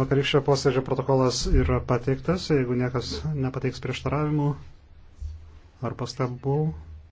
Vakarykščio posėdžio protokolas yra pateiktas, jeigu niekas nepateiks prieštaravimų ar pastabų,